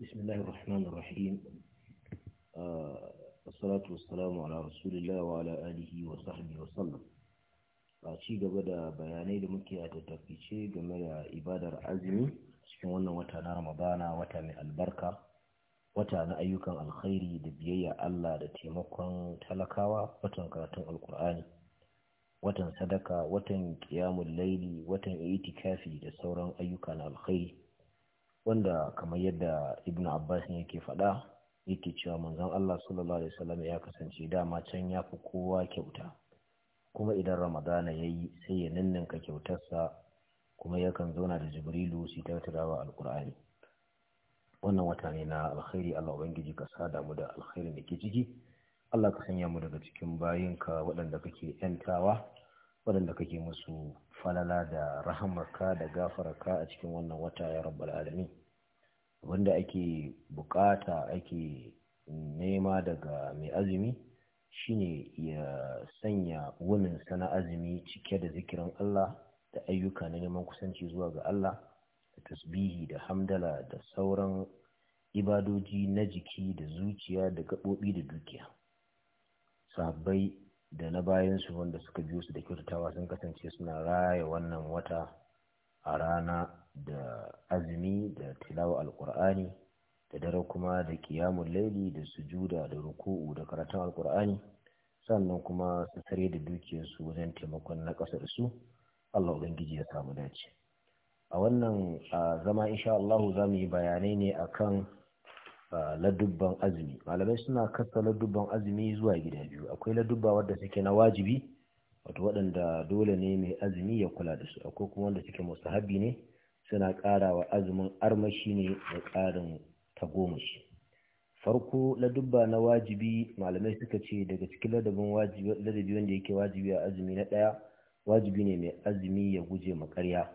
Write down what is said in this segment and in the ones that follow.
بسم الله الرحمن الرحيم آه والصلاة والسلام على رسول الله وعلى آله وصحبه وسلم ci gaba da bayanai da muke a tattafice game da ibadar azumi cikin wannan wata na ramadana wata mai albarka wata na ayyukan alkhairi da biyayya Allah da taimakon talakawa watan karatun alkur'ani watan sadaka watan kiyamun laili watan itikafi da sauran ayyukan alkhairi wanda kamar yadda ibn abbas ne yake faɗa yake cewa manzon allah sallallahu alaihi wasallam ya kasance dama can ya fi kowa kyauta kuma idan ramadana ya yi sai ya ninninka kyautarsa kuma yakan zauna da jibrilu su ta turawa alkur'ani wannan wata ne na alkhairi allah ubangiji ka sa damu da alkhairin da ke ciki allah ka sanya mu daga cikin bayinka waɗanda kake yantawa waɗanda kake musu falala da rahamarka da gafararka a cikin wannan wata ya rabbal alamin wanda ake bukata ake nema daga mai azumi shine ya sanya wunin sana azumi cike da zikirin Allah da ayyuka na neman kusanci zuwa ga Allah da tasbihi da hamdala da sauran ibadoji na jiki da zuciya da gaɓoɓi da dukiya Sabai. da na bayansu wanda suka biyo su da kyautatawa sun kasance suna raya wannan wata a rana da azumi da tilawa alkur'ani da dare kuma da kiyamun laili da sujuda da ruku'u da karatun alkur'ani sannan kuma su sare da dukiyarsu wajen taimakon na ƙasar su allah ubangiji ya samu dace a wannan zama inshaAllahu za mu yi bayanai ne akan Eh, ladubban azumi malamai suna kasa ladubban azumi zuwa gida biyu akwai ladubba wadda suke na wajibi wato waɗanda dole ne mai azumi ya kula da su akwai kuma wanda suke habi ne suna ƙara wa azumin armashi ne da ƙarin tagomashi farko ladubba na wajibi malamai suka ce daga cikin ladabin ladabi wanda yake wajibi a azumi na ɗaya wajibi ne mai azumi ya guje ma ƙarya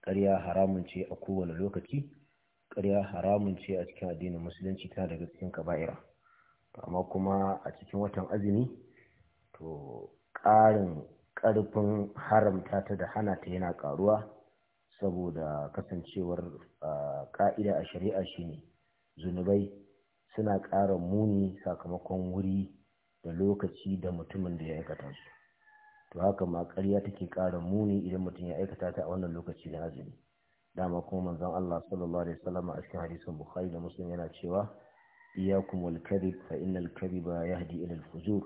ƙarya haramun ce a kowane lokaci ƙarya haramun ce a cikin addinin musulunci tana daga cikin kaba'ira amma kuma a cikin watan azumi to ƙarin ƙarfin haramta ta da hana ta yana ƙaruwa saboda kasancewar ƙa'ida a shari'a shine zunubai suna ƙara muni sakamakon wuri da lokaci da mutumin da ya aikata su to haka ma ƙarya take ƙara muni idan mutum ya aikata ta a wannan lokaci da azumi dama kuma manzon Allah sallallahu alaihi wasallam a cikin hadisin Bukhari da Muslim yana cewa iyyakum wal kadhib fa innal kadhiba yahdi ila al fujur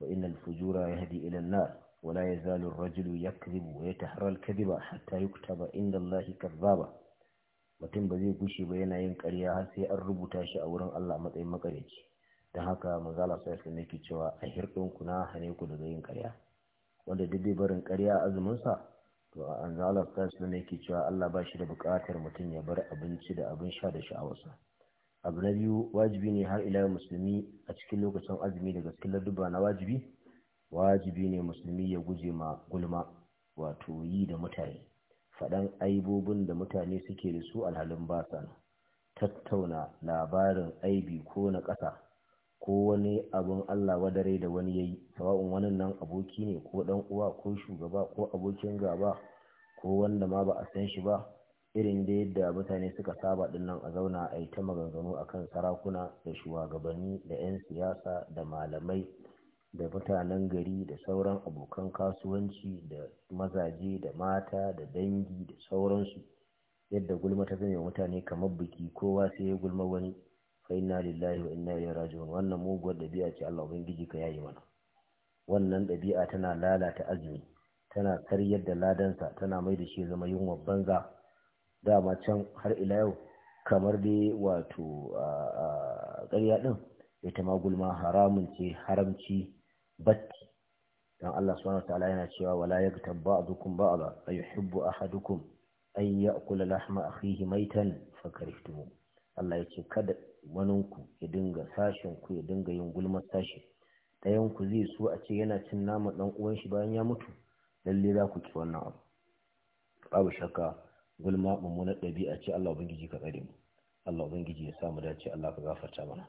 wa innal fujura yahdi ila an nar wa la yazalu ar rajulu yakdhibu wa yatahra al kadhiba hatta yuktaba inda Allah kadhaba mutum ba zai gushe ba yana yin ƙarya har sai an rubuta shi a wurin Allah matsayin makareci don haka manzala sai sun yake cewa a hirɗin ku na hane ku daga yin ƙarya wanda duk bai barin ƙarya azumin sa to an zalar kansu ne ke cewa Allah ba shi da buƙatar mutum ya bar abinci da abin sha da sha'awarsa abu na biyu wajibi ne har ila musulmi a cikin lokacin azumi da cikin ladduba na wajibi wajibi ne musulmi ya guje ma gulma wato yi da mutane faɗan aibobin da mutane suke da su alhalin basa tattauna labarin aibi ko na ƙasa ko wani abin Allah wadare da wani yayi sawa'un wani nan aboki ne ko dan uwa ko shugaba ko abokin gaba ko wanda ma ba a san shi ba irin da yadda mutane suka saba din nan a zauna a yi ta maganganu akan sarakuna da shugabanni da 'yan siyasa da malamai da mutanen gari da sauran abokan kasuwanci da mazaje da mata da dangi da sauransu yadda gulma ta zama mutane kamar biki kowa sai ya gulma wani fa inna lillahi wa inna ilaihi raji'un wannan muguwar ɗabi'a ce Allah ubangiji ka yayi mana wannan ɗabi'a tana lalata azumi tana karyar da ladansa tana mai da shi zama yunwa banza dama can har ila yau kamar dai wato ƙarya ɗin ita ma gulma haramun ce haramci bacci. dan Allah subhanahu Ta'ala yana cewa wala yaktab ba'dukum ba'da ayuhibbu ahadukum an ya'kula lahma akhihi maitan fakarihtum Allah yace kada waninku ya dinga sashen ku ya dinga yin gulmar sashi ɗayan ku zai so a ce yana cin nama ɗan uwan shi bayan ya mutu lalle za ku ki wannan abu babu shakka gulma mummunar ɗabi'a ce Allah ubangiji ka tsare mu Allah ubangiji ya samu dace Allah ka gafarta mana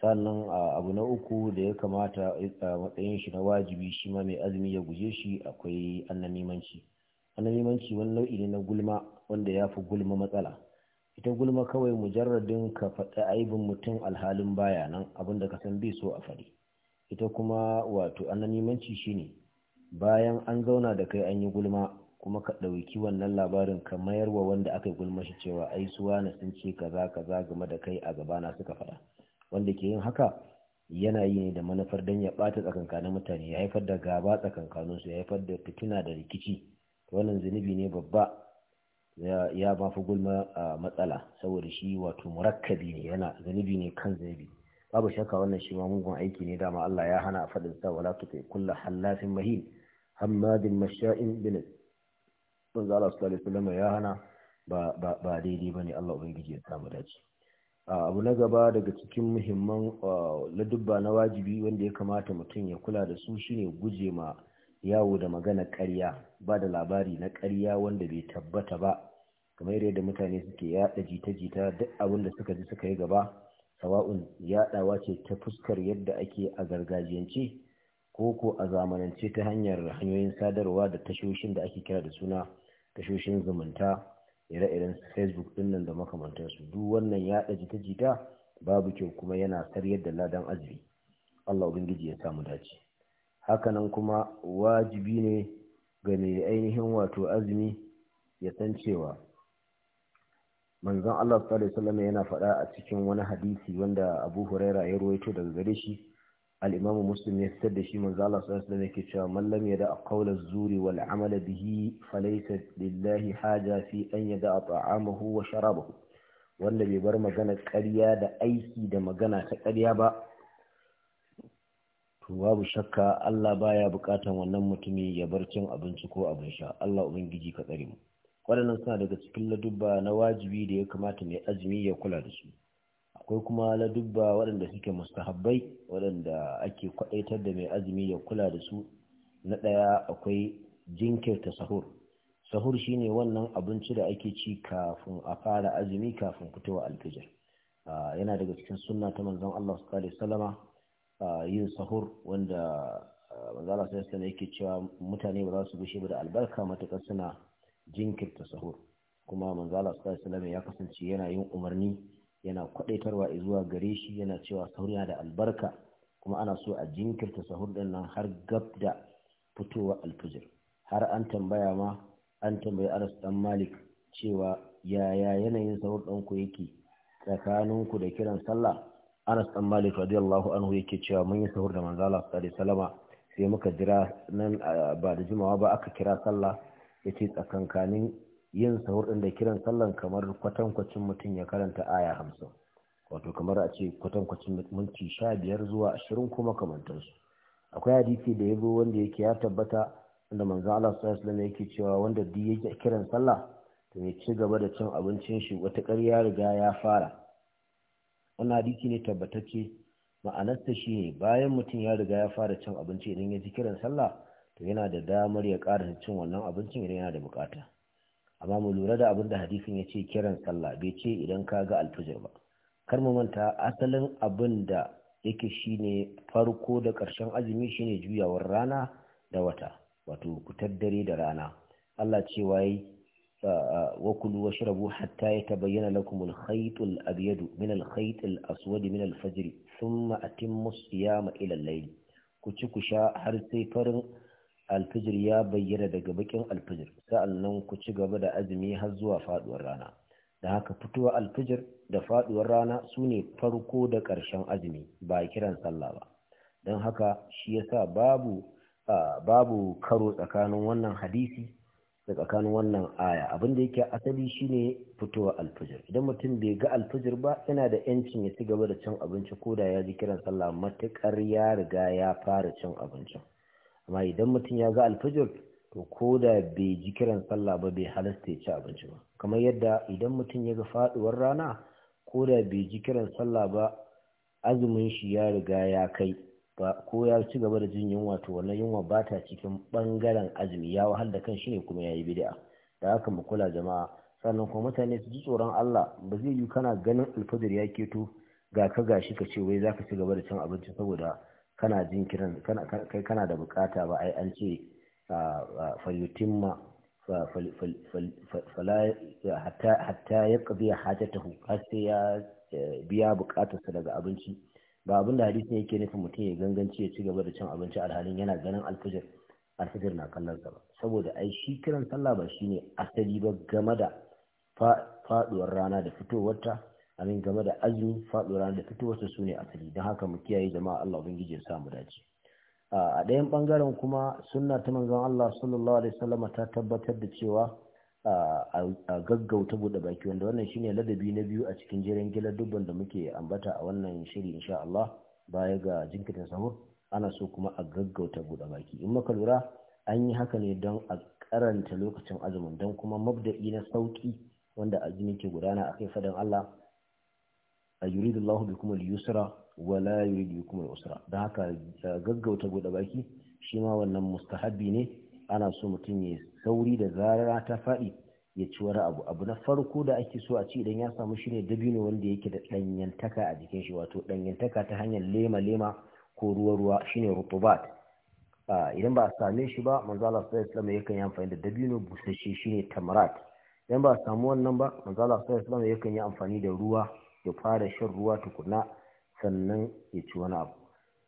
sannan abu na uku da ya kamata eh, a matsayin shi na wajibi shi ma mai azumi ya guje shi akwai annamimanci annamimanci wani nau'i ne na gulma wanda ya fi gulma matsala ita gulma kawai mujarradin ka faɗi aibin mutum alhalin baya nan abin da ka san bai so a faɗi ita kuma wato ananimanci shine bayan an zauna da kai an yi gulma kuma ka ɗauki wannan labarin ka mayar wa wanda aka yi gulma shi cewa ai suwa na sun ce kaza kaza game da kai a gabana suka faɗa wanda ke yin haka yana yi ne da manufar don ya ɓata tsakankanin mutane ya haifar da gaba tsakankaninsu ya haifar da fitina da rikici wannan zunubi ne babba ya ba fi gulma matsala saboda shi wato murakkabi ne yana zunubi ne kan zunubi babu shakka wannan shi ma mugun aiki ne dama Allah ya hana faɗin sa wala tuti kullu hallafin mahin hammadin masha'in bin manzo Allah sallallahu alaihi wasallam ya hana ba ba ne bane Allah ubangiji ya samu dace abu na gaba daga cikin muhimman ladubba na wajibi wanda ya kamata mutum ya kula da su shine guje ma yawo da magana ƙarya ba da labari na ƙarya wanda bai tabbata ba kamar yadda mutane suke yaɗa jita-jita duk abin da suka ji suka yi gaba sawa'un yaɗawa ce ta fuskar yadda ake a gargajiyance ko ko a zamanance ta hanyar hanyoyin sadarwa da tashoshin da ake kira da suna tashoshin zumunta ire-iren facebook din nan da su duk wannan yaɗa jita-jita babu kyau kuma yana sar yadda ladan azumi Allah Ubangiji ya samu dace. hakanan kuma wajibi ne ga mai ainihin wato azumi ya san cewa manzon Allah sallallahu alaihi yana faɗa a cikin wani hadisi wanda Abu Huraira ya ruwaito daga gare shi al-Imam Muslim ya fitar da shi manzon Allah sallallahu alaihi yake cewa man lam yada qawla zuri wal amala bihi falaysa lillahi haja fi an yada ta'amahu wa sharabahu wanda bai bar magana ƙarya da aiki da magana ta ƙarya ba to babu shakka Allah baya bukatan wannan mutumi ya bar cin abinci ko abin sha Allah ubangiji ka tsare mu waɗannan suna daga cikin ladubba na wajibi da ya kamata mai azumi ya kula da su akwai kuma ladubba waɗanda suke mustahabbai waɗanda ake kwaɗaitar da mai azumi ya kula da su na ɗaya akwai jinkirta sahur sahur shine wannan abinci da ake ci kafin a fara azumi kafin fitowa alfijir ah, yana daga cikin sunna ta manzon Allah sallallahu alaihi wasallama yin sahur wanda manzala sai sai yake cewa mutane ba za su gushe ba da albarka matuƙar suna jinkirta sahur kuma manzala sai sai ya kasance yana yin umarni yana kwadaitarwa zuwa gare shi yana cewa sahur yana da albarka kuma ana so a jinkirta sahur din nan har gab da fitowa alfijir har an tambaya ma an tambayi anas dan malik cewa yaya yanayin sahur ɗanku yake tsakaninku da kiran sallah Anas ɗan Malik radiyallahu anhu yake cewa mun yi sahur da manzo Allah sallallahu alaihi wasallama sai muka jira nan ba da jimawa ba aka kira sallah yace tsakankanin yin sahur din da kiran sallan kamar kwatankwacin mutum ya karanta aya 50 wato kamar a ce kwatankwacin minti 15 zuwa 20 kuma kamantansu akwai hadisi da yabo wanda yake ya tabbata wanda manzo Allah sallallahu alaihi yake cewa wanda duk yake kiran sallah to ya ci gaba da cin abincin shi wata ƙarya riga ya fara wannan hadisi ne tabbatacce ma'anarsa shi ne bayan mutum ya riga ya fara cin abinci idan ya ji kiran sallah to yana da damar ya ƙara cin wannan abincin idan yana da bukata amma mu lura da abin da hadisin ya ce kiran sallah bai ce idan ka ga alfijir ba kar mu manta asalin abin da yake shine farko da ƙarshen azumi shine juyawar rana da wata wato fitar dare da rana Allah cewa yi وكلوا واشربوا حتى يتبين لكم الخيط الأبيض من الخيط الأسود من الفجر ثم أتموا الصيام إلى الليل كتشكو شاء حرسي فرن الفجر يا بيّن دقبك الفجر سألنا كتشكو بدأ أزمي هزوا فاد ورانا da haka fitowa alfijir da faduwar rana su ne farko da ƙarshen azumi ba kiran sallah ba don haka shi yasa babu babu karo tsakanin wannan hadisi da tsakanin wannan aya abin da yake asali shine fitowa alfajir idan mutum bai ga alfajir ba yana da yancin ya ci gaba da cin abinci ko da ya ji kiran sallah matukar ya riga ya fara cin abinci amma idan mutum ya ga alfajir to ko da bai ji kiran sallah ba bai halasta ya ci abinci ba kamar yadda idan mutum ya ga faduwar rana ko da bai ji kiran sallah ba azumin shi ya riga ya kai ko ya ci gaba da jin yunwa to wannan yunwa ba ta cikin bangaren azumi ya wahal da kan shi ne kuma ya yi bid'a da haka mu kula jama'a sannan kuma mutane su ji tsoron Allah ba zai yi kana ganin alfajir ya keto ga ka gashi ka ce wai ka ci gaba da cin abinci saboda kana jin kiran kai kana da bukata ba ai an ce falyutimma hatta ya ƙabiya hajjatahu har sai ya eh, biya bukatarsa daga abinci ba abin da hadisin yake nufin mutum ya ganganci ya ci gaba da cin abinci alhalin yana ganin alfijir alfijir na kallon sa ba saboda ai shi kiran sallah ba shine asali ba game da faduwar rana da fitowarta amin game da azumi faduwar rana da fitowarta sune asali don haka mu kiyaye jama'a Allah ubangiji ya sa mu dace a ɗayan bangaren kuma sunna ta manzon Allah sallallahu alaihi wasallam ta tabbatar da cewa a gaggauta buɗe baki wanda wannan shine ladabi na biyu a cikin jiran gila dubban da muke ambata a wannan shiri insha Allah baya ga jinkirin sahur ana so kuma a gaggauta buɗe baki in maka lura an yi haka ne don a karanta lokacin azumin don kuma mabda'i na sauki wanda azumi ke gudana a kai fadan Allah a yuridu Allah bikum al-yusra wa la yuridu bikum al-usra don haka gaggauta buɗe baki shi ma wannan mustahabi ne ana so mutum ya sauri da zarara ta faɗi ya ci wani abu abu na farko da ake so a ci idan ya samu shine dabino wanda yake da ɗanyantaka a jikin shi wato ɗanyantaka ta hanyar lema-lema ko ruwa-ruwa shine rutubat idan ba a same shi ba manzo Allah sallallahu alaihi yakan yi amfani da dabino busasshe shine tamrat idan ba a samu wannan ba manzo Allah sallallahu alaihi yakan yi amfani da ruwa ya fara shan ruwa tukuna sannan ya ci wani abu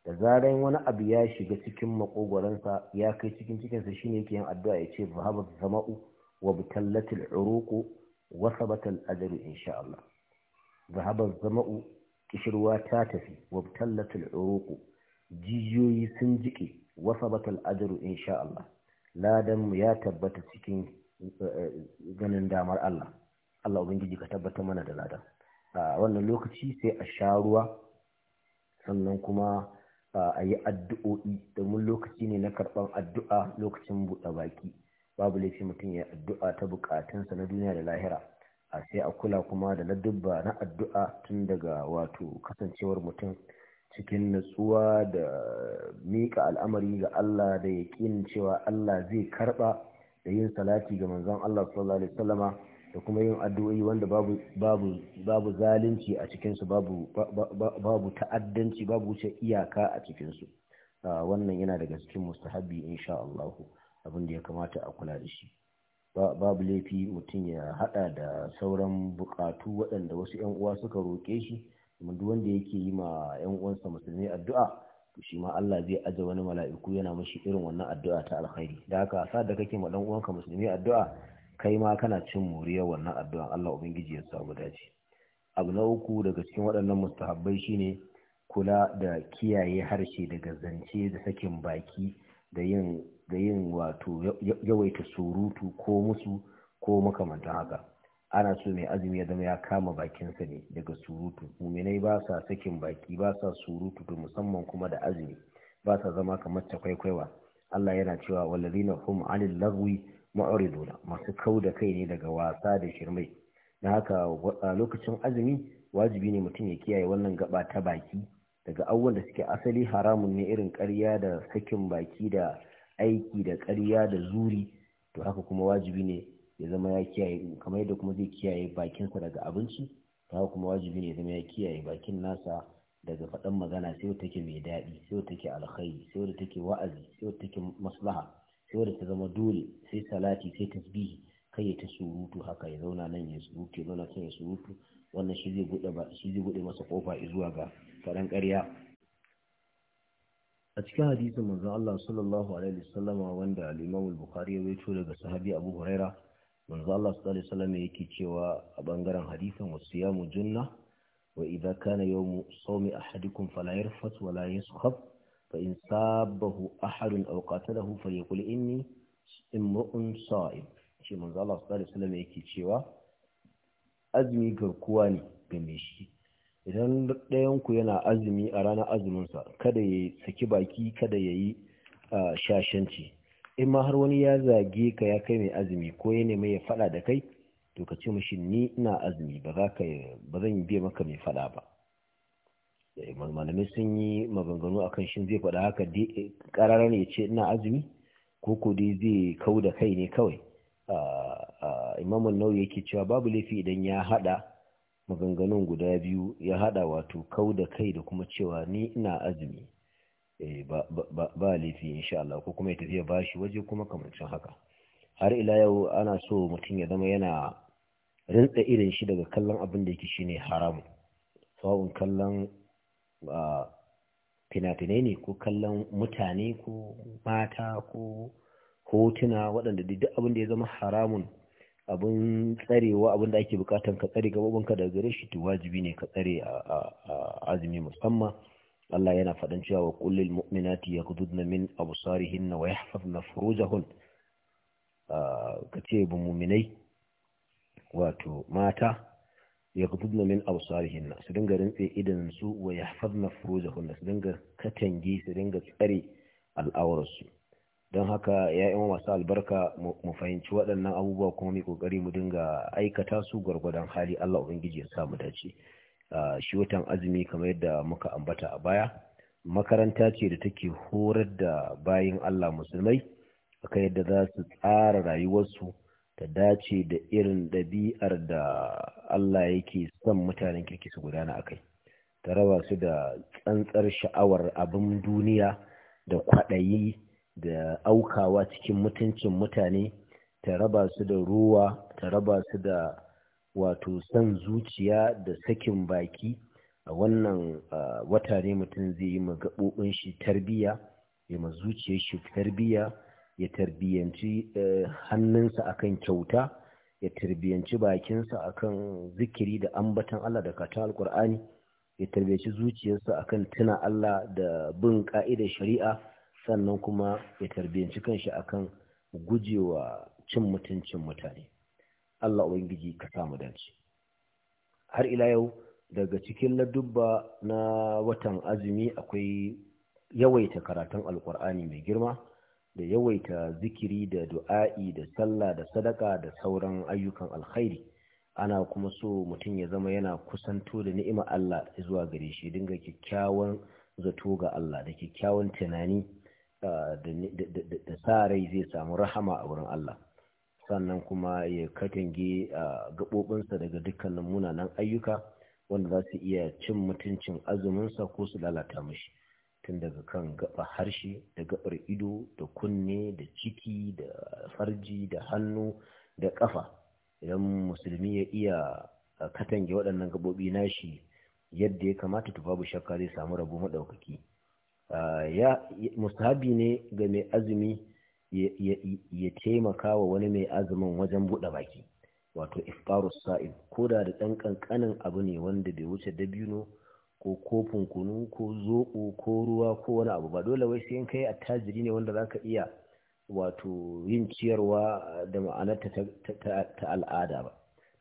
da zaran wani abu ya shiga cikin makogwaransa ya kai cikin cikinsa shine yake yin addu'a ya ce zahaba zama'u wa butallatil uruqu wa batal al insha Allah zahaba zama'u kishirwa ta tafi wa butallatil uruqu jijiyoyi sun jike wa batal al insha Allah ladan mu ya tabbata cikin eh, ganin damar Allah Allah ubangiji ka tabbata mana da ladan a wannan lokaci sai a sha ruwa sannan kuma a yi addu'o'i domin lokaci ne na karɓar addu'a lokacin buɗe baki babu laifi mutum ya addu'a ta buƙatunsa na duniya da lahira a sai a kula kuma da ladubba na addu'a tun daga wato kasancewar mutum cikin natsuwa da miƙa al'amari ga Allah da yaƙinin cewa Allah zai karɓa da yin salati ga manzon Allah sallallahu alaihi wasallama da kuma yin addu'o'i wanda babu babu babu zalunci a cikinsu babu babu ta'addanci babu wuce iyaka a cikinsu su wannan yana daga cikin mustahabi insha Allah abin da ya kamata a kula da shi babu laifi mutum ya hada da sauran bukatu waɗanda wasu yan uwa suka roƙe shi duk wanda yake yi ma yan uwansa musulmi addu'a to shi ma Allah zai aje wani mala'iku yana mashi irin wannan addu'a ta alkhairi da haka sa da kake ma dan uwanka musulmi addu'a kai ma kana cin moriya wannan addu'an Allah ubangiji ya samu dace abu na uku daga cikin waɗannan mustahabbai shine kula da kiyaye harshe daga zance da sakin baki da yin da yin wato yawaita surutu ko musu ko makamantan haka ana so mai azumi ya zama ya kama bakinsa ne daga surutu muminai ba sa sakin baki ba sa surutu da musamman kuma da azumi ba sa zama kamar ta kwaikwaiwa Allah yana cewa wallazina hum anil lagwi ma'ariduna masu kau da kai ne daga wasa da shirmai na haka a lokacin azumi wajibi ne mutum ya kiyaye wannan gaba ta baki daga abubuwan da suke asali haramun ne irin karya da sakin baki da aiki da karya da zuri to haka kuma wajibi ne ya zama ya kiyaye kamar yadda kuma zai kiyaye bakinsa daga abinci to haka kuma wajibi ne ya zama ya kiyaye bakin nasa daga faɗan magana sai wata take mai daɗi sai wata ke alkhairi sai wata take wa'azi sai wata take maslaha dole ta zama dole sai salati sai tasbihi kai ta surutu haka ya zauna nan ya surutu ya zauna ya surutu wannan shi zai bude shi zai bude masa kofa zuwa ga karan ƙarya a cikin hadisin manzon Allah sallallahu alaihi wasallam wanda al-Imam al-Bukhari ya rawaito daga sahabi Abu Huraira manzon Allah sallallahu alaihi wasallam yake cewa a bangaren hadisin wasiyamu junna wa idza kana yawmu sawmi ahadikum fala yarfath wala yaskhab fa in sabahu ahadun aw qatalahu falyaqul inni imru'un sa'im shi manzo Allah sallallahu alaihi wasallam yake cewa azumi garkuwa ne game shi idan ɗayan ku yana azumi a ranar azumin sa kada ya saki baki kada ya yi shashanci in ma har wani ya zage ka ya kai mai azumi ko ya nemi ya fada da kai to ka ce mishi ni ina azumi ba za ka ba zan biya maka mai fada ba Eh, malamai sun yi maganganu a kan shin zai faɗa haka eh, ƙararar ya ce ina azumi ko ko dai zai kau da kai ne kawai imamun nau yake cewa babu laifi idan ya haɗa maganganun guda biyu ya haɗa wato kau da kai da kuma cewa ni ina azumi eh, ba laifi insha Allah ko kuma ya tafiya bashi waje kuma kamancin haka har ila yau ana so mutum ya zama yana rintsa irin shi daga kallon abin da yake shine haramu sawun kallon fina-finai ne ko kallon mutane ko mata ko hotuna waɗanda duk abin da ya zama haramun abin tsarewa abin da ake bukatan ka tsare gabobinka daga gare shi to wajibi ne ka tsare a azumi musamman Allah yana faɗan cewa wa kullil mu'minati yaghdudna min absarihin wa yahfazna furujahun ka ce ba mu'minai wato mata yaghdudna min absarihinna su dinga rintse idan su wa yahfazna furujahunna su dinga katange su dinga tsare al'awarsu don haka ya yi masu albarka mu fahimci waɗannan abubuwa kuma mai kokari mu dinga aikata su gwargwadon hali Allah ubangiji ya sa mu dace shi watan azumi kamar yadda muka ambata a baya makaranta ce da take horar da bayin Allah musulmai akan yadda za su tsara rayuwarsu ta dace da irin ɗabi'ar da Allah yake son mutanen kirki su gudana a kai ta raba su da tsantsar sha'awar abin duniya da kwaɗayi da aukawa cikin mutuncin mutane ta raba su da ruwa ta raba su da wato son zuciya da sakin baki a wannan wata ne mutum zai yi ma gaɓoɓin shi tarbiyya yi ma zuciyar shi tarbiyya ya tarbiyanci eh, hannunsa akan kyauta ya tarbiyanci bakinsa akan zikiri da ambatan Allah da kata alkur'ani ya tarbiyanci zuciyarsa akan tuna Allah da bin ka'idar shari'a sannan kuma ya tarbiyanci kanshi akan gujewa cin mutuncin mutane Allah ubangiji ka samu dace har ila yau daga cikin ladubba na watan azumi akwai yawaita karatun alkur'ani mai girma da yawaita zikiri da du'a'i da sallah da sadaka da sauran ayyukan alkhairi ana kuma so mutum ya zama yana kusanto da ni'ima Allah zuwa gare shi dinga kyakkyawan zato ga Allah da kyakkyawan tunani da sa rai zai samu rahama a wurin Allah sannan kuma ya katange gaɓoɓinsa daga dukkanin munanan ayyuka wanda za su iya cin mutuncin azuminsa ko su lalata mashi tun daga kan gaɓa harshe da gaɓar ido da kunne da ciki da farji da hannu da ƙafa idan musulmi ya iya katange waɗannan gaɓoɓi nashi yadda ya kamata to babu shakka zai samu rabo maɗaukaki ya musabi ne ga mai azumi ya taimaka wa wani mai azumin wajen buɗe baki wato iftarus sa'id ko da da ɗan ƙanƙanin abu ne wanda bai wuce dabino ko kofin kunu ko zoɓo ko ruwa ko wani abu ba dole wai sai in kai attajiri ne wanda zaka iya wato yin ciyarwa da ma'anarta ta al'ada ba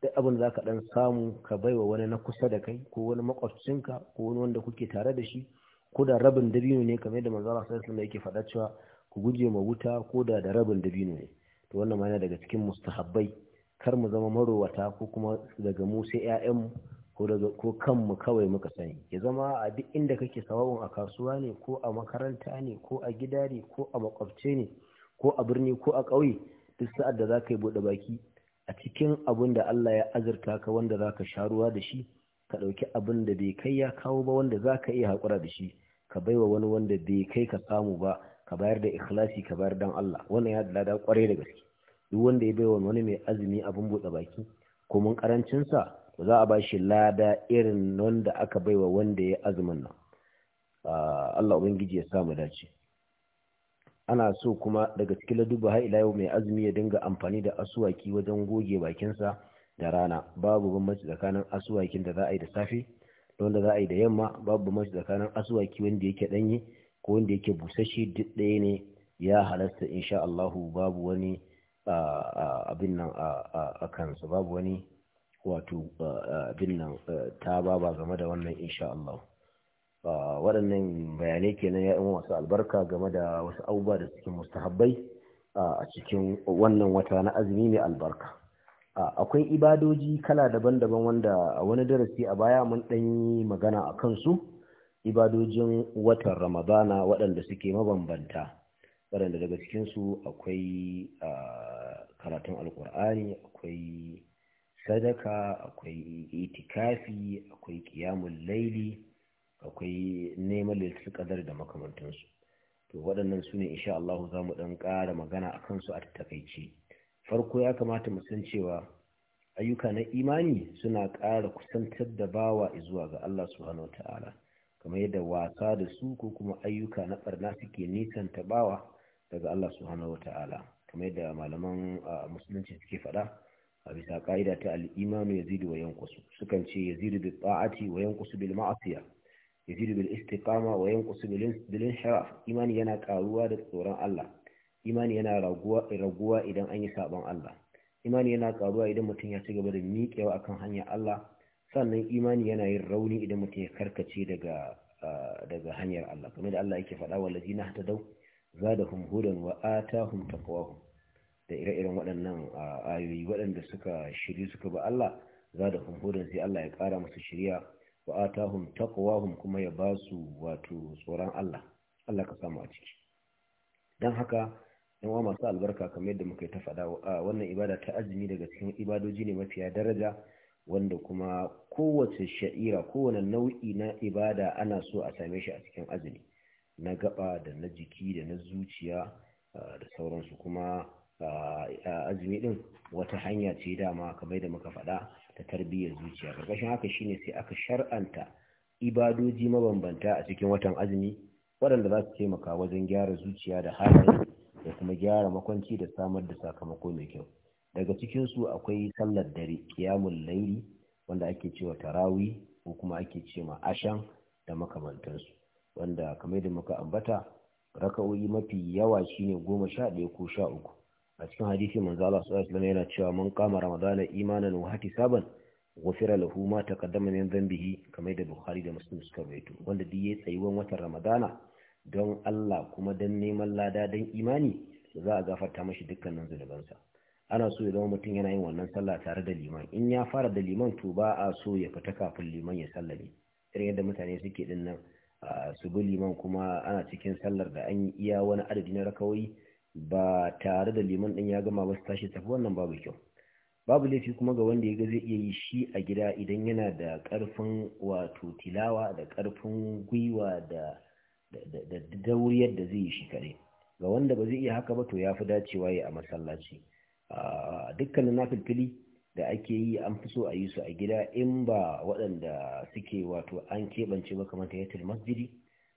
duk abin za ka ɗan samu ka baiwa wani na kusa da kai ko wani makwabcinka ko wani wanda kuke tare da shi ko da rabin dabino ne kamar yadda Allah sallallahu yake faɗa cewa ku guje ma wuta ko da da rabin dabino ne to wannan ma yana daga cikin mustahabbai kar mu zama marowata ko kuma daga mu sai ƴaƴanmu ko kanmu kawai muka sani ya zama a duk inda kake sababin a kasuwa ne ko a makaranta ne ko a gida ne ko a makwabce ne ko a birni ko a ƙauye duk sa'ad da za ka yi buɗe baki a cikin abin da Allah ya azurta ka wanda za ka sha ruwa da shi ka ɗauki abin da bai kai ya kawo ba wanda za ka iya haƙura da shi ka bai wa wani wanda bai kai ka samu ba ka bayar da ikhlasi ka bayar dan Allah wannan ya da kwarai da gaske duk wanda ya bai wa wani mai azumi abin buɗe baki ko mun karancinsa? za a ba shi lada irin wanda aka baiwa wanda ya azumin nan ah, Allah ubangiji ya samu dace ana so kuma daga cikin laduba har ila yau mai azumi ya dinga amfani da asuwaki wajen goge bakinsa da rana babu bambanci tsakanin asuwakin da za a yi da safe da wanda za a yi da yamma babu bambanci tsakanin asuwaki wanda yake danyi ko wanda yake busashi duk ɗaya ne ya halasta insha Allahu babu wani ah, ah, abin nan a kansa babu wani wato abin nan ta baba game da wannan insha Allah waɗannan bayanai kenan ya wasu albarka game da wasu abubuwa da suke mustahabbai a cikin wannan wata na azumi mai albarka akwai ibadoji kala daban-daban wanda a wani darasi a baya mun ɗan yi magana a kansu ibadojin watan ramadana waɗanda suke mabambanta waɗanda daga cikinsu akwai karatun alkur'ani akwai sadaka akwai itikafi akwai kiyamun laili akwai neman lalitar kadar da makamantansu to waɗannan su ne insha Allah za mu ɗan ƙara magana a kansu a takaice farko ya kamata mu san cewa ayyuka na imani suna ƙara kusantar da bawa zuwa ga Allah subhanahu wata'ala kamar yadda wasa da su ko kuma ayyuka na ɓarna suke nisan bawa daga Allah subhanahu wata'ala kamar yadda malaman ah, musulunci suke faɗa a bisa ka'ida ta al'imanu yazidu wa yanqusu sukan ce yazidu bi ta'ati wa yanqusu bil ma'asiya yazidu bil istiqama wa yanqusu bil inhiraf imani yana karuwa da tsoron Allah imani yana raguwa raguwa idan an yi sabon Allah imani yana karuwa idan mutum ya ci gaba da miƙewa akan hanyar Allah sannan imani yana yin rauni idan mutum ya karkace daga daga hanyar Allah kamar da Allah yake faɗa wa lazina ta dau zadahum hudan wa atahum taqwahum da ire-iren waɗannan ayoyi waɗanda suka shiri suka ba Allah za da hunhudan sai Allah ya ƙara musu shirya wa atahum taqwahum kuma ya ba su wato tsoron Allah Allah ka samu a ciki dan haka dan wa masu albarka kamar yadda muka ta faɗa wannan ibada ta azumi daga cikin ibadoji ne mafiya daraja wanda kuma kowace sha'ira kowane nau'i na ibada ana so a same shi a cikin azumi na gaba da na jiki da na zuciya da sauransu kuma azumi din wata hanya ce dama kamar da muka faɗa ta tarbiyyar zuciya ƙarƙashin haka shine sai aka shar'anta ibadoji mabambanta a cikin watan azumi waɗanda za su taimaka wajen gyara zuciya da halaye da kuma gyara makwanci da samar da sakamako mai kyau daga cikin su akwai sallar dare qiyamul laili wanda ake cewa tarawi, ko kuma ake cewa ashan da makamantansu wanda kamar da muka ambata raka'o'i mafi yawa shine goma sha ɗaya ko sha uku a cikin hadisi manzo Allah sallallahu alaihi yana cewa mun kama ramadana imanan wa ihtisaban ghufira lahu ma taqaddama min dhanbihi kamar da Bukhari da Muslim suka rawaito wanda duk yayi tsayuwan watan Ramadana don Allah kuma dan neman lada dan imani za a gafarta mashi dukkanin zunubansa ana so ya zama mutum yana yin wannan sallah tare da liman in ya fara da liman to ba a so ya fita kafin liman ya sallame irin yadda mutane suke din nan su bi liman kuma ana cikin sallar da an yi iya wani adadi na rakawai ba tare da liman ɗin ya gama ba su tashi tafi wannan babu kyau babu laifi kuma ga wanda ya ga zai iya yi shi a gida idan yana da ƙarfin wato tilawa da ƙarfin gwiwa da da dauriyar da zai yi shi kare ga wanda ba zai iya haka ba to ya fi dacewa ya a masallaci dukkanin na filfili da ake yi an fi so a yi su a gida in ba waɗanda suke wato an keɓance ba kamar ta yatar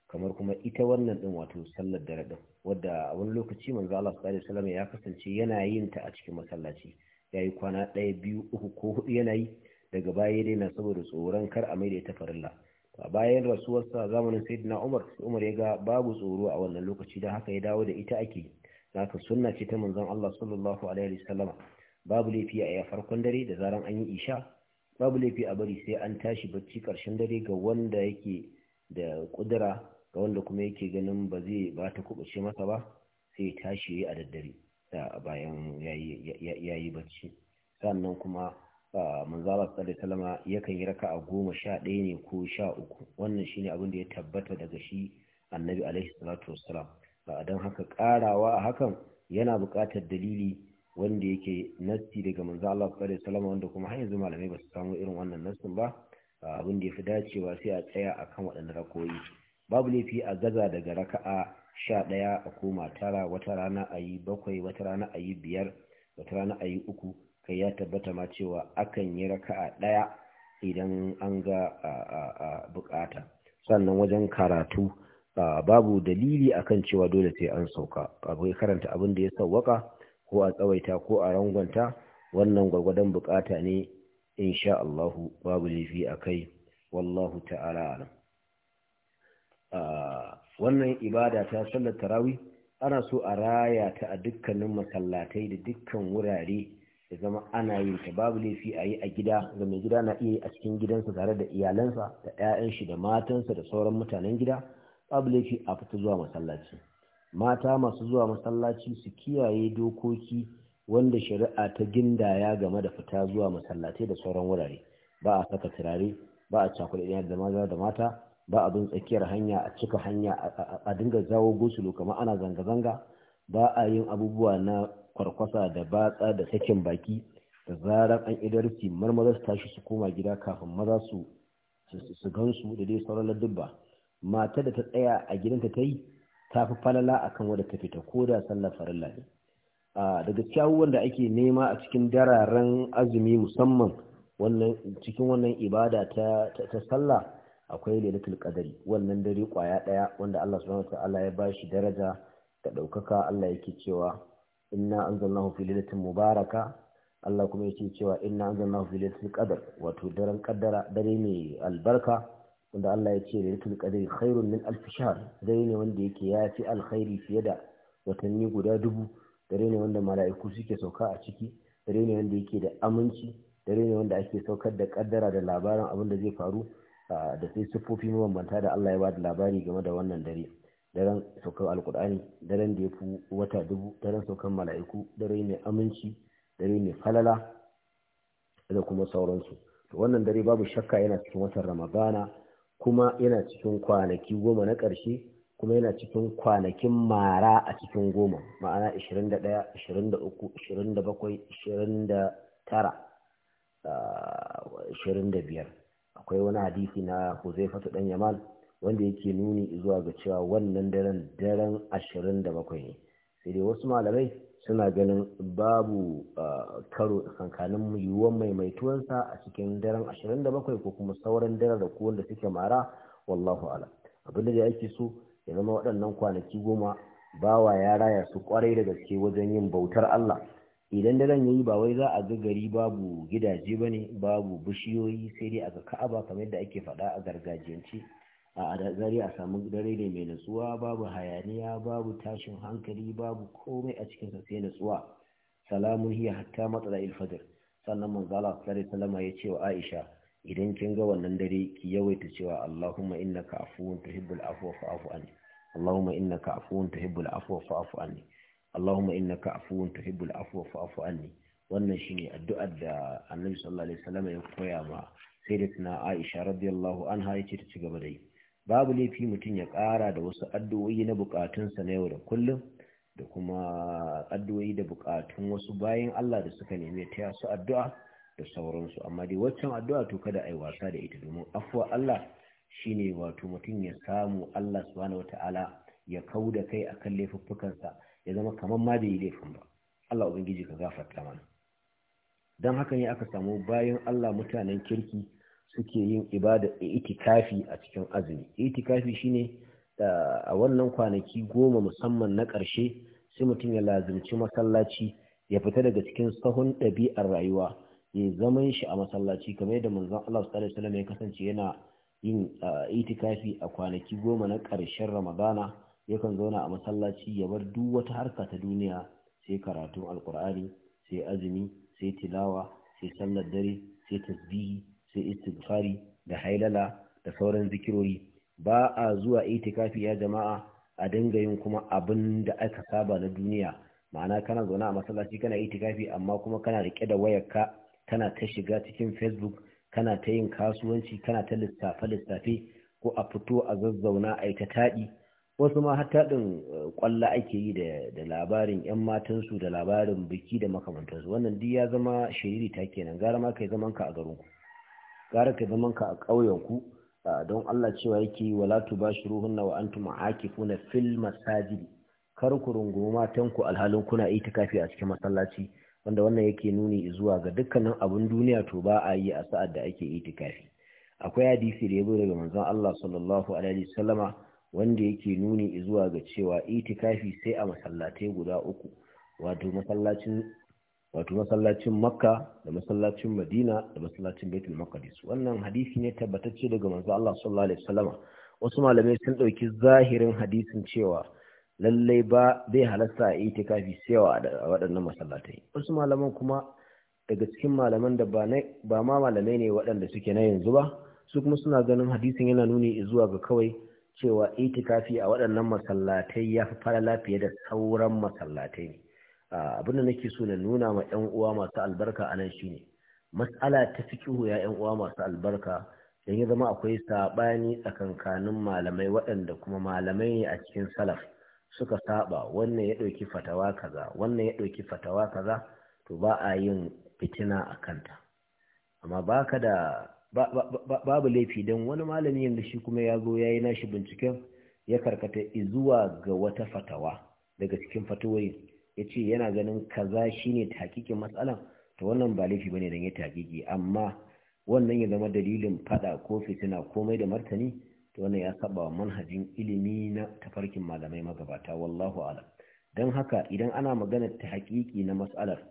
kamar kuma ita wannan din wato sallar dare din wadda a wani lokaci manzo Allah sallallahu alaihi wasallam ya kasance yana yin ta a cikin masallaci yayi kwana ɗaya biyu uku ko hudu yana yi daga baya ya daina saboda tsoron kar a mai da ita farilla a bayan rasuwarsa zamanin sayyidina Umar Umar ya ga babu tsoro a wannan lokaci da haka ya dawo da ita ake zaka sunna ce ta manzon Allah sallallahu alaihi wasallam babu laifi a farkon dare da zaran an yi isha babu laifi a bari sai an tashi bacci karshen dare ga wanda yake da kudura ga wanda kuma yake ganin ba zai ba ta kubuce masa ba sai tashi a daddare da bayan yayi bacci sannan kuma manzala sallallahu salama yakan yi raka a goma sha ɗaya ne ko sha uku wannan shi abin da ya tabbata daga shi annabi alaihi salatu wassalam don haka karawa a hakan yana buƙatar dalili wanda yake nassi daga manzo Allah sallallahu alaihi wanda kuma har yanzu malamai ba su samu irin wannan nassin ba abin da fi dacewa sai a tsaya akan waɗannan rakoyi babu laifi a gaza daga raka'a sha ɗaya a koma tara wata rana a yi bakwai wata rana a yi biyar wata rana a yi uku kai ya tabbata ma cewa akan yi raka'a ɗaya idan an ga bukata sannan wajen karatu babu dalili akan cewa dole sai an sauka akwai karanta abin da ya sauwaka ko a tsawaita ko a rangwanta wannan gwargwadon bukata ne insha Allahu babu laifi a kai wallahu ta'ala wannan ibada ta sallar tarawi ana so a raya ta a dukkanin masallatai da dukkan wurare da zama ana yin ta babu laifi a yi a gida ga mai gida na iya yi a cikin gidansa tare da iyalansa da 'ya'yan shi da matansa da sauran mutanen gida babu laifi a fita zuwa masallaci mata masu zuwa masallaci su kiyaye dokoki wanda shari'a ta gindaya game da fita zuwa masallatai da sauran wurare ba a saka turare ba a cakuɗe da maza da mata ba abin tsakiyar hanya a cika hanya a dinga zawo gusulu kamar ana zanga-zanga ba a yin abubuwa na kwarkwasa da batsa da sakin baki da zarar an idarci marmaza su tashi su koma gida kafin maza su su gansu da dai sauran ladubba mata da ta tsaya a gidanta ta yi ta fi falala kan wadda ta fita ko da sallar farilla ne Daga gaskiya da ake nema a cikin dararen azumi musamman cikin wannan ibada ta sallah akwai lailatul qadari wannan dare kwaya daya wanda Allah subhanahu wataala ya bashi daraja da daukaka Allah yake cewa inna anzalnahu fi lailatin mubaraka Allah kuma yake cewa inna anzalnahu fi lailatul qadar wato daren kaddara dare mai albarka wanda Allah ya ce lailatul qadri khairun min alf shahr dare ne wanda yake yafi alkhairi fiye da watanni guda dubu dare ne wanda mala'iku suke sauka a ciki dare ne wanda yake da aminci dare ne wanda ake saukar da kaddara da labarin abin da zai faru Ah, da sai siffofi bambanta da Allah ya ba da labari game da wannan dare daren saukar alkur'ani daren da ya fi wata dubu daren saukar mala'iku dare mai aminci dare mai falala da kuma sauransu to wannan dare babu shakka yana cikin watan ramadana kuma yana cikin kwanaki goma na ƙarshe kuma yana cikin kwanakin mara a cikin goma ma'ana 21 23 27 29 25 akwai wani hadisi na ta dan yamal wanda yake nuni zuwa ga cewa wannan daren daren ashirin da ne sai dai wasu malamai suna ganin babu karo tsakankanin mai maimaituwansa a cikin daren ashirin da ko kuma sauran daren da kowanne suke mara wallahu ala abinda da ake so ya zama waɗannan kwanaki goma bawa ya raya su kwarai da gaske wajen yin bautar Allah idan daren yayi ba wai za a ga gari babu gidaje bane babu bishiyoyi sai dai a ga ka'aba kamar yadda ake faɗa a gargajiyance a zari a samu dare ne mai natsuwa babu hayaniya babu tashin hankali babu komai a cikin sa sai natsuwa salamun hiya hatta matsala ilfadir sannan manzala sallallahu salama ya ce wa Aisha idan kin ga wannan dare ki yawaita cewa Allahumma innaka afuwun tuhibbul afwa fa'fu anni Allahumma innaka afuwun tuhibbul afwa fa'fu anni Allahumma innaka afuwun tuhibbul afwa fa'fu anni wannan shine addu'ar da Annabi sallallahu alaihi wasallam ya koya ma sayyidatuna Aisha radiyallahu anha ce ta ci gaba da yi babu laifi mutum ya ƙara da wasu addu'o'i na bukatunsa na yau da kullum da kuma addu'o'i da bukatun wasu bayan Allah da suka nemi ta su addu'a da sauransu amma dai waccan addu'a to kada a wasa da ita domin afuwa Allah shine wato mutum ya samu Allah subhanahu wataala ya kauda kai akan laifuffukansa ya zama kamar ma bai yi laifin ba Allah ubangiji ka gafarta mana don haka ne aka samu bayan Allah mutanen kirki suke yin ibada itikafi a cikin azumi itikafi shine eh, a wannan kwanaki goma musamman na ƙarshe sai mutum ya lazimci masallaci ya fita daga cikin sahun ɗabi'ar rayuwa ya zaman shi a masallaci kamar yadda manzon Allah sallallahu alaihi ya kasance yana yin eh, itikafi a kwanaki goma na ƙarshen Ramadana yakan zauna a masallaci ya bar duk wata harka ta duniya sai karatun alkur'ani sai azumi sai tilawa sai sallar dare sai tasbihi sai istighfari da hailala da sauran zikirori ba a zuwa itikafi ya jama'a a dinga yin kuma abin da aka saba na duniya ma'ana kana zauna a masallaci kana itikafi amma kuma kana rike da wayarka kana ta shiga cikin facebook kana ta yin kasuwanci kana ta lissafe lissafe ko a fito a zazzauna a ta taɗi wasu ma hatta ɗin eh, ƙwallo ake yi da labarin 'yan matansu da labarin biki da makamantansu wannan duk ya zama shiriri ta kenan gara ma kai zamanka a garin ku. gara kai zamanka a ƙauyen ku don Allah cewa yake wala tubashiruhunna wa antum aakifuna fil masajid kar ku rungumi matanku alhalin kuna kafi a cikin masallaci wanda wannan yake nuni zuwa ga dukkanin abun duniya to ba a yi a sa'ad da ake kafi. akwai hadisi da ya zo daga manzon Allah sallallahu alaihi wasallama wanda yake nuni zuwa ga cewa itikafi sai a masallatai guda uku wato masallacin makka da masallacin madina da masallacin baitul maqdis wannan hadisi ne tabbatacce daga manzo Allah sallallahu alaihi wasallama wasu malamai sun dauki zahirin hadisin cewa lallai ba bai halasta a itikafi sai a waɗannan masallatai wasu malaman kuma daga cikin malaman da ba ma malamai ne waɗanda suke na yanzu ba su kuma suna ganin hadisin yana nuni zuwa ga kawai cewa itikafi a waɗannan masallatai ya fi falala fiye da sauran masallatai ne. Abin da nake so na nuna ma 'yan uwa masu albarka a nan shine matsala ta fi ya 'yan uwa masu albarka don ya zama akwai saɓani tsakankanin malamai waɗanda kuma malamai ne a cikin salaf suka saba wannan ya ɗauki fatawa kaza wannan ya ɗauki fatawa kaza to ba a yin fitina a kanta amma baka da babu laifi don wani malami yanzu shi kuma ya zo ya yi nashi binciken ya karkata zuwa ga wata fatawa daga cikin fatawoyin ya ce yana ganin kaza shi ne ta hakikin matsalan ta wannan ba laifi bane don ya hakiki amma wannan ya zama dalilin fada ko fitina komai da martani ta wannan ya saba wa manhajin ilimi na tafarkin malamai magabata wallahu alam don haka idan ana maganar ta hakiki na matsalar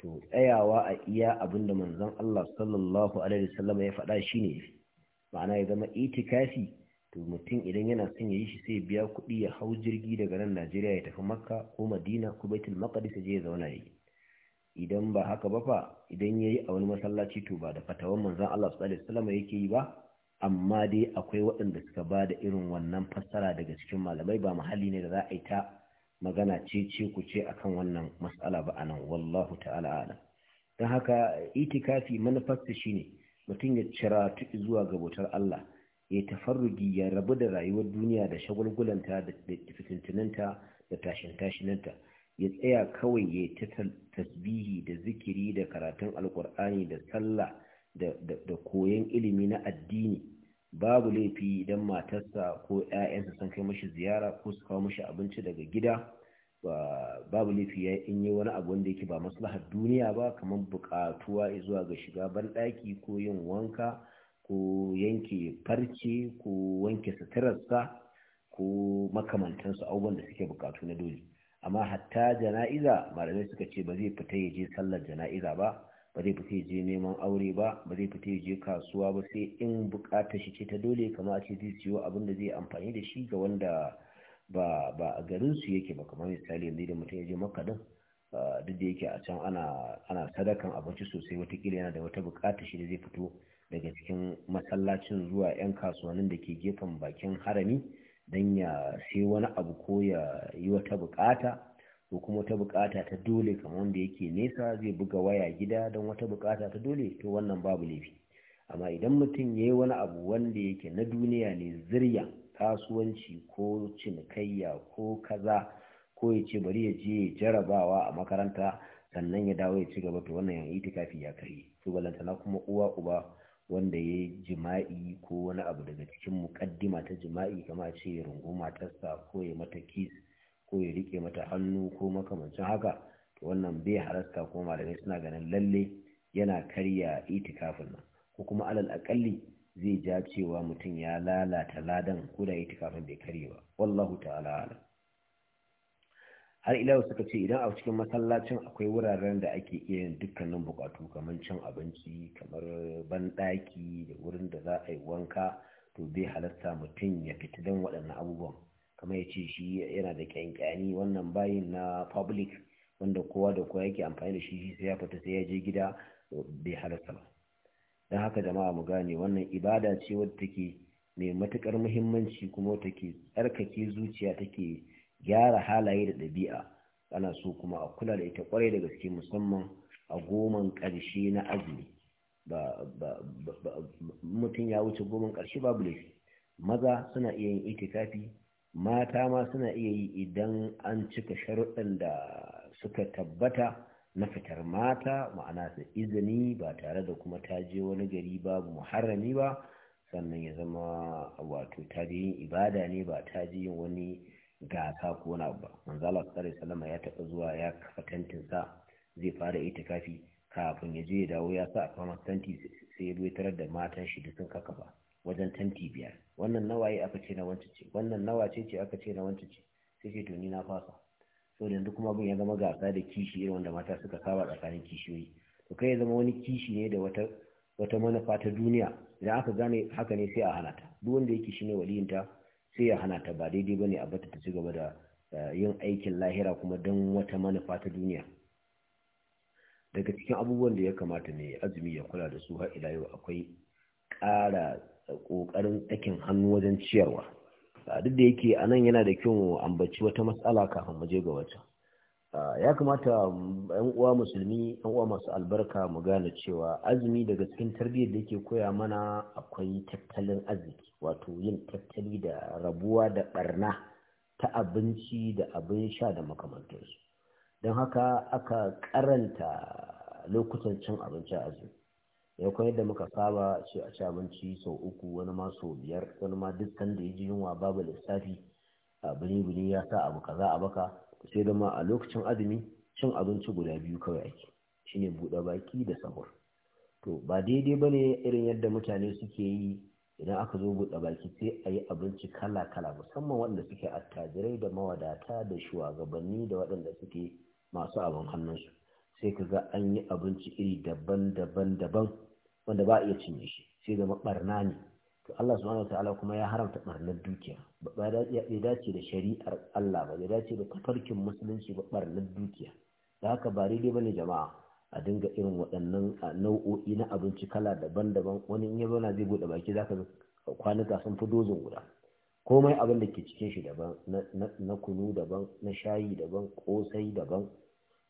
to tsayawa a iya abin da manzon Allah sallallahu alaihi wasallam ya faɗa shi ne, ma'ana ya zama itikafi to mutum idan yana son ya yi shi sai biya kuɗi ya hau jirgi daga nan Najeriya ya tafi Makka ko Madina ko Baitul Maqdis ya je ya zauna yi idan ba haka ba fa idan yayi a wani masallaci to ba da fatawan manzon Allah sallallahu alaihi wasallam yake yi ba amma dai akwai waɗanda suka ba da irin wannan fassara daga cikin malamai ba muhalli ne da za a yi ta magana ce ce ku ce akan wannan mas'ala ba anan wallahu ta'ala alam don haka itikafi manufarsa shine mutum ya cira tuki zuwa ga bautar Allah ya tafarrugi ya rabu da rayuwar duniya da shagulgulanta da fitintunanta da tashin tashinanta ya tsaya kawai ya ta tasbihi da zikiri da karatun alkur'ani da sallah da koyon ilimi na addini babu laifi idan matarsa ko 'ya'yansa sun kai mashi ziyara ko su kawo mashi abinci daga gida babu laifi ya in yi wani abu wanda yake ba maslahar duniya ba kamar buƙatuwa zuwa ga shiga banɗaki ko yin wanka ko yanke farce ko wanke suturarsa ko makamantansu abubuwan da suke buƙatu na dole amma hatta jana'iza malamai suka ce ba zai fita ya je sallar jana'iza ba ba zai fita je neman aure ba ba zai fita je kasuwa ba sai in bukatar shi ce ta dole kamar a ce zai siyo abin da zai amfani da shi ga wanda ba ba a garin su yake ba kamar misali yanzu da mutum ya je makka din duk da yake a can ana ana sadakan abinci sosai wata kila yana da wata bukatar shi da zai fito daga cikin masallacin zuwa 'yan kasuwannin da ke gefen bakin harami don ya sai wani abu ko ya yi wata bukata ko kuma wata bukata ta dole kamar wanda yake nesa zai buga waya gida don wata bukata ta dole to wannan babu laifi amma idan mutum ya yi wani abu wanda yake na duniya ne zirya kasuwanci ko cinikayya ko kaza ko ya ce bari ya je jarabawa a makaranta sannan ya dawo ya ci gaba to wannan yan itikafi ya kai su balantana kuma uwa uba wanda ya jima'i ko wani abu daga cikin mukaddima ta jima'i kama ce ya runguma matarsa ko ya mata kiss ko ya rike mata hannu ko makamancin haka to wannan bai halasta ko malamai suna ganin lalle yana karya itikafin nan ko kuma alal akalli zai ja cewa mutum ya lalata ladan ko da itikafin bai karye ba wallahu ta'ala alam har ila suka ce idan a cikin masallacin akwai wuraren da ake iya yin dukkanin bukatu kamar cin abinci kamar banɗaki da wurin da za a yi wanka to bai halasta mutum ya fita don waɗannan abubuwan kamar ya ce shi yana da kyankyani wannan bayin na public wanda kowa da kowa yake amfani da shi sai ya fita sai ya je gida bai halasta ba don haka jama'a mu gane wannan ibada ce wadda take mai matukar muhimmanci kuma take tsarkake zuciya take gyara halaye da ɗabi'a ana so kuma a kula da ita kwarai da gaske musamman a goman ƙarshe na azumi ba mutum ya wuce goman karshe babu laifi maza suna iya yin itikafi mata ma suna iya yi idan an cika sharuɗin da suka tabbata na fitar mata ma'ana su izini ba tare da kuma ta je wani gari babu muharrami ba sannan ya zama wato ta je yin ibada ne ba ta je yin wani gasa ko na ba manzala tsare salama ya taɓa zuwa ya kafa tantinsa zai fara kafi, kafin ya je ya dawo ya sa a fama tanti sai ya tarar da matan shi da sun kakafa wajen tanti biyar wannan nawa yi aka ce na wancan ce wannan nawa ce ce aka ce na wancan ce sai ce to na fasa so da yanzu kuma abin ya zama gasa da kishi irin wanda mata suka saba tsakanin kishiyoyi to kai ya zama wani kishi ne da wata wata manufa ta duniya idan aka gane haka ne sai a hana ta duk wanda yake shine waliyinta sai ya hana ta ba daidai bane a bata ta ci gaba da eh, yin aikin lahira kuma don wata manufa ta duniya daga cikin abubuwan da ya kamata ne azumi ya kula da su har ila yau akwai ƙara ƙoƙarin tsakin hannu wajen ciyarwa duk da yake a nan yana da kyau mu ambaci wata matsala kafin mu je ga wata ya kamata yan uwa musulmi yan uwa masu albarka mu gane cewa azumi daga cikin tarbiyyar da yake koya mana akwai tattalin arziki wato yin tattali da rabuwa da barna ta abinci da abin sha da makamantarsu don haka aka karanta lokutan cin abinci a azumi ya kwai da muka saba ce a ci abinci sau uku wani ma sau biyar wani ma dukkan da ya ji yunwa babu lissafi a bini bini ya sa abu kaza a baka sai ma a lokacin azumi cin abinci guda biyu kawai ake shine buɗe baki da sahur to ba daidai ba ne irin yadda mutane suke yi idan aka zo buɗe baki sai a yi abinci kala-kala musamman waɗanda suke attajirai da mawadata da shugabanni da waɗanda suke masu abin hannunsu sai ka ga an yi abinci iri daban-daban-daban wanda ba a iya cinye shi sai zama barna ne to Allah subhanahu wataala kuma ya haramta barnar dukiya ba ya dace da shari'ar Allah ba ya dace da tafarkin musulunci ba barnar dukiya da haka ba daidai bane jama'a a dinga irin waɗannan nau'o'i na abinci kala daban-daban wani in ya na zai buɗe baki zaka ga kwanuka sun fi dozin guda komai abin da ke cikin shi daban na kunu daban na shayi daban kosai daban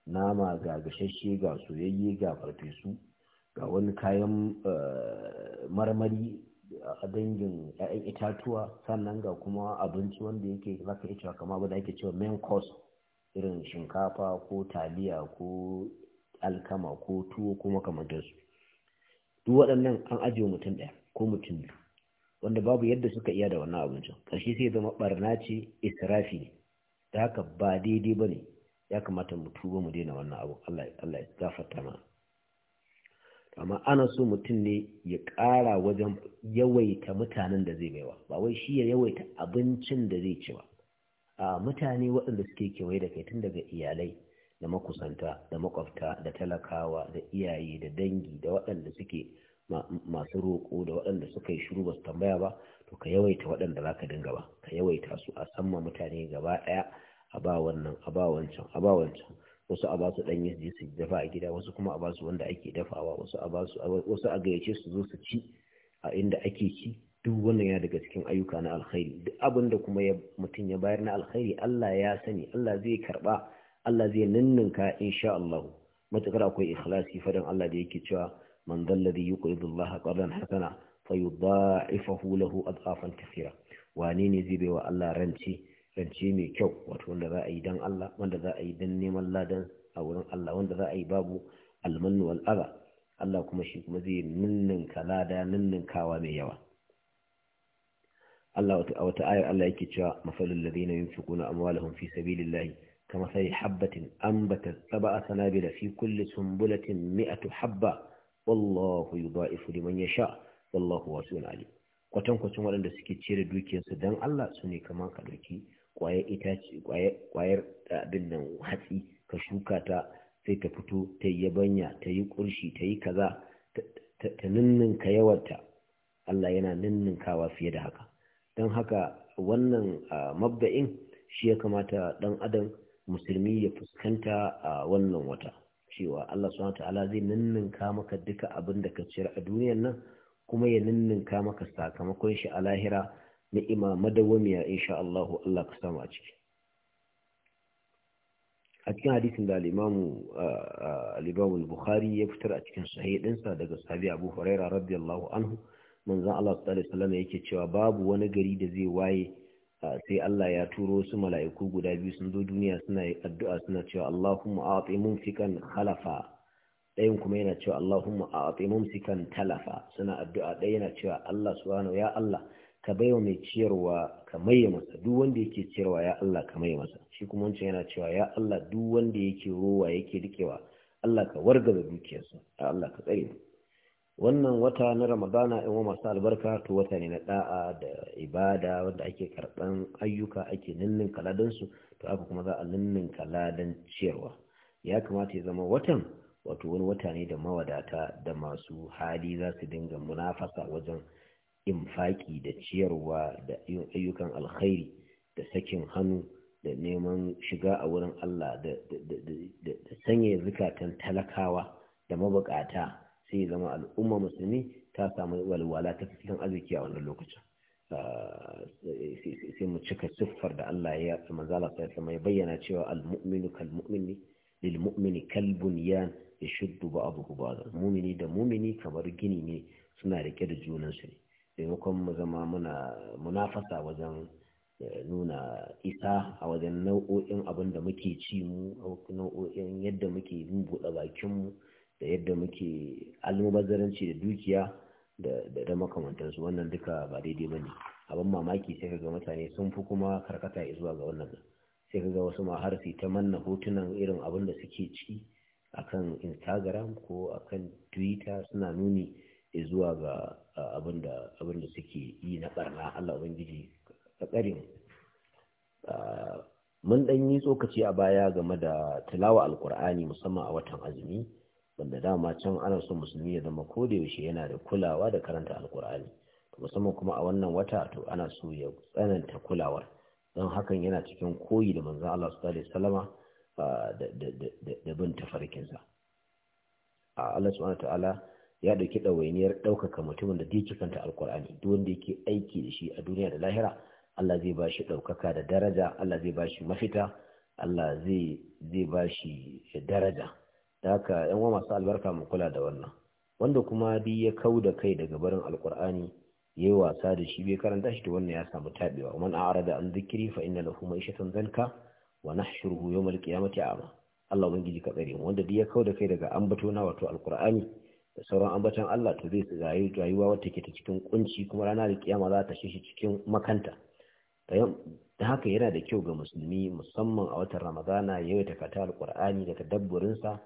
nama ga gashashe ga soyayye ga farfesu ga wani kayan eh, marmari a dangin 'ya'yan itatuwa sannan ga kuma abinci wanda yake za ka cewa kama abin da ake cewa main course irin shinkafa ko taliya ko alkama ko tuwo ko makamantarsu duk waɗannan an ajiye mutum ɗaya ko mutum biyu wanda babu yadda suka iya da wannan abincin ƙarshe sai zama ɓarna ce israfi ne da haka ba daidai ba ne ya kamata mu tuba mu daina wannan abu Allah ya gafarta mana amma ana so mutum ne ya ƙara wajen yawaita mutanen da zai baiwa ba wai shi ya yawaita abincin da zai ci ba a mutane waɗanda suke kewaye da kai tun daga iyalai da makusanta da makwabta da talakawa da iyaye da dangi da waɗanda suke masu roƙo da waɗanda suka yi shiru ba su tambaya ba to ka yawaita waɗanda za ka dinga ba ka yawaita su a samma mutane gaba ɗaya a ba wannan a ba wancan a ba wancan wasu a basu ɗanye su je su dafa a gida wasu kuma a basu wanda ake dafawa wasu a basu wasu a gayyace su zo su ci a inda ake ci duk wannan yana daga cikin ayyuka na alkhairi duk abin da kuma mutum ya bayar na alkhairi Allah ya sani Allah zai karba Allah zai ninninka insha Allah matakar akwai ikhlasi fadan Allah da yake cewa man dalladhi yuqridu Allah qardan hasana fayudha'ifahu lahu adhafan kathira wane ne zai wa Allah rance? zance mai kyau wato wanda za a yi don Allah wanda za a yi don neman ladan a wurin Allah wanda za a yi babu almannu al'ada Allah kuma shi kuma zai ninninka lada ninninkawa mai yawa Allah a wata ayar Allah yake cewa masalul ladina yunfiquna amwalahum fi sabilillahi kama sai habbatin ambata sab'a sanabila fi kulli sumbulatin mi'atu habba wallahu yudha'ifu liman yasha wallahu wasi'un alim kwatankwacin waɗanda suke cire dukiyarsu don Allah su ne kamar ka ɗauki ƙwayar itace ƙwayar eh, abin nan hatsi ka shuka ta sai ta fito ta yi yabanya ta yi ƙurshi ta yi kaza ta ninninka yawarta Allah yana ninninkawa fiye da haka don haka wannan ah, mabda'in shi ya kamata ɗan adam musulmi ya fuskanta a wannan wata cewa Allah subhanahu ta'ala zai ninninka maka duka abin da ka ciyar a duniyar nan kuma ya ninninka maka sakamakon shi a lahira ni'ima madawamiya insha Allah Allah ka samu a ciki a cikin hadisin da al imamu al-Bukhari ya fitar a cikin sahih dinsa daga sahabi Abu Huraira radiyallahu anhu manzon Allah sallallahu alaihi wasallam yake cewa babu wani gari da zai waye sai Allah ya turo su mala'iku guda biyu sun zo duniya suna addu'a suna cewa Allahumma a'ti mumsikan khalafa ɗayan kuma yana cewa Allahumma a'ti mumsikan talafa suna addu'a ɗaya yana cewa Allah subhanahu ya Allah ka wa mai ciyarwa ka maye masa duk wanda yake ciyarwa ya Allah ka maye masa shi kuma wancan yana cewa ya Allah duk wanda yake rowa yake rikewa Allah ka wargaza dukiyarsa ya Allah ka tsare wannan wata na Ramadana in wa masu albarka to wata ne na da'a da ibada wanda ake karɓan ayyuka ake ninnin kaladan su to haka kuma za a ninnin kaladan ciyarwa ya kamata ya zama watan wato wani wata ne da mawadata da masu hali za su dinga munafasa wajen infaki da ciyarwa da ayyukan alkhairi da sakin hannu da neman shiga a wurin Allah da sanya zukatan talakawa da mabukata sai zama al'umma musulmi ta samu walwala ta cikin arziki a wannan lokacin ah, sai mu cika siffar da Allah ya manzala sai sama ya bayyana cewa al-mu'minu kal-mu'mini lil mu'mini kal-bunyan yashuddu mu'mini da mu'mini kamar gini ne suna rike da junansu ne taimakon mu zama muna munafasa wajen eh, nuna isa a wajen nau'o'in abin da muke ci mu nau'o'in yadda muke yin buɗe mu da yadda muke almubazzaranci da dukiya da makamantansu wannan duka ba daidai ba ne abin mamaki sai ga mutane sun fi kuma karkata zuwa ga wannan sai ga wasu ma har su ta manna hotunan irin abin da suke ci akan instagram ko akan twitter suna nuni zuwa ga abin da suke yi na barna Allah Ubangiji ka tsare mu mun dan yi tsokaci a baya game da tilawa alkur'ani musamman a watan azumi wanda dama can ana so musulmi ya zama ko da yaushe yana da kulawa da karanta alkur'ani musamman kuma a wannan wata to ana so ya tsananta kulawar don hakan yana cikin koyi da manzon Allah su tsare salama, da bin tafarkinsa Allah subhanahu wa ta'ala ya dauki ɗawainiyar ɗaukaka mutumin da duk kanta alkur'ani duk wanda yake aiki da shi a duniya da lahira Allah zai ba shi ɗaukaka da daraja Allah zai ba shi mafita Allah zai zai shi daraja da haka yan uwa masu albarka mu kula da wannan wanda kuma duk ya kau da kai daga barin alkur'ani yayi wasa da shi bai karanta shi to wannan ya samu tabewa man a'rada an zikri fa inna lahu ma'ishatan zanka wa nahshuruhu yawmal qiyamati a'ma Allah ubangiji ka tsare mu wanda duk ya kau da kai daga ambato na wato alkur'ani da sauran ambaton Allah to zai tsaye rayuwa wata ke ta cikin kunci kuma rana da kiyama za ta shi cikin makanta da haka yana da kyau ga musulmi musamman a watan ramadana ya yi takata alkur'ani da tadabburinsa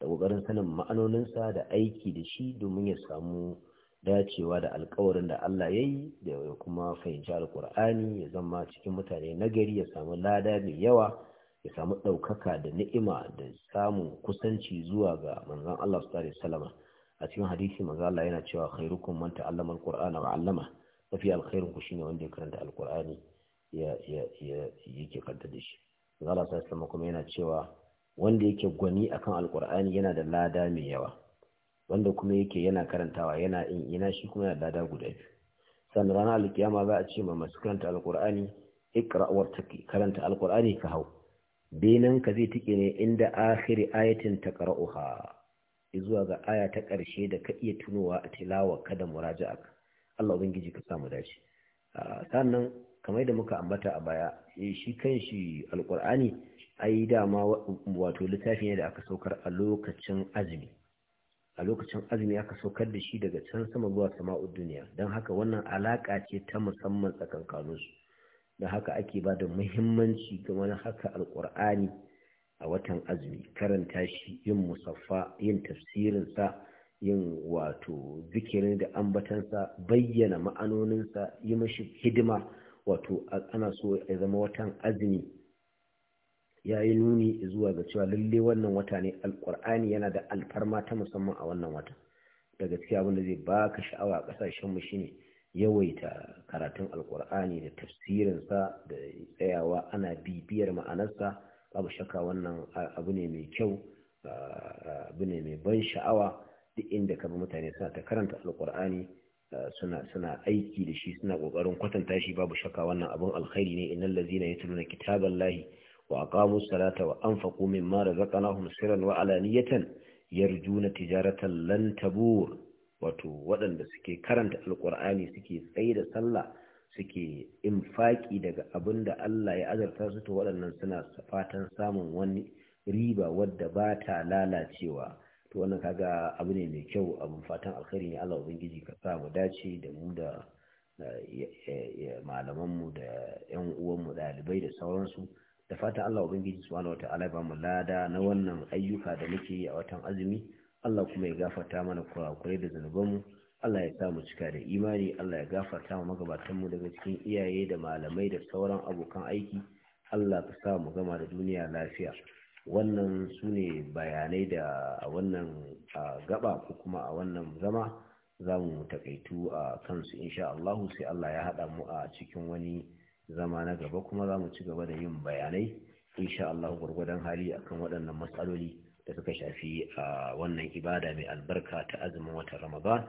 da ƙoƙarin sanin ma'anoninsa da aiki da shi domin ya samu dacewa da alkawarin da Allah ya yi da kuma fahimci alkur'ani ya zama cikin mutane nagari ya samu lada mai yawa ya samu ɗaukaka da ni'ima da samun kusanci zuwa ga manzon Allah sallallahu alaihi wasallam a cikin hadisi manzo Allah yana cewa khairukum man ta'allama al-qur'ana wa 'allama mafi alkhairin ku shine wanda ya karanta alqur'ani ya ya ya yake karanta da shi manzo Allah sallallahu alaihi kuma yana cewa wanda yake gwani akan alqur'ani yana da lada mai yawa wanda kuma yake yana karantawa yana ina shi kuma yana da lada guda biyu sannan ranar alkiyama za a ce ma masu karanta alqur'ani iqra wa karanta alqur'ani ka hau benan ka zai tike ne inda akhiri ayatin taqra'uha zuwa ga aya ta ƙarshe da ka iya tunowa a tilawa kada muraja'a Allah ubangiji ka samu dace sannan kamar da muka ambata a baya eh, shi kanshi alkur'ani ai dama wato littafi ne da aka saukar a lokacin azumi a lokacin azumi aka saukar da shi daga can sama zuwa sama'ud duniya don haka wannan alaka ce ta musamman tsakankaninsu don haka ake ba da muhimmanci ga wani haka alkur'ani a watan azumi karanta shi yin musaffa yin tafsirinsa yin wato zikirin da ambatansa bayyana ma'anoninsa yi mashi hidima wato ana so ya zama watan azumi ya yi nuni zuwa ga cewa lalle wannan wata ne alkur'ani yana da alfarma ta musamman a wannan wata da gaskiya abinda zai baka sha'awa a mu shine yawaita karatun alkur'ani da tafsirinsa da tsayawa ana bibiyar ma'anarsa babu shakka wannan abu ne mai kyau abu ne mai ban sha'awa duk inda ka bi mutane suna ta karanta alkur'ani suna suna aiki da shi suna kokarin kwatanta shi babu shakka wannan abun alkhairi ne innal ladzina yatluna kitaballahi wa aqamus salata wa anfaqu mimma razaqnahum sirran wa alaniyatan yarjuna tijaratan lan tabur wato waɗanda suke karanta alkur'ani suke tsaye da sallah suke infaki daga abin da Allah ya azarta su to waɗannan suna fatan samun wani riba wadda ba ta lalacewa to wannan kaga abu ne mai kyau abin fatan alkhairi ne Allah ubangiji ka sa mu dace da mu da malamanmu da yan mu dalibai da sauransu da fatan Allah ubangiji subhanahu wataala ba mu lada na wannan ayyuka da muke yi a watan azumi Allah kuma ya gafarta mana kurakurai da zanubanmu Allah ya samu cika da imani Allah ya gafarta mu magabatan mu daga cikin iyaye da malamai da sauran abokan aiki Allah ka sa mu gama da duniya lafiya wannan su ne bayanai da a wannan gaba ko kuma a wannan zama za mu takaitu a kansu insha Allah sai Allah ya haɗa mu a cikin wani zama na gaba kuma za mu ci gaba da yin bayanai insha Allah hali akan waɗannan matsaloli da suka shafi a wannan ibada mai albarka ta azumin watan Ramadan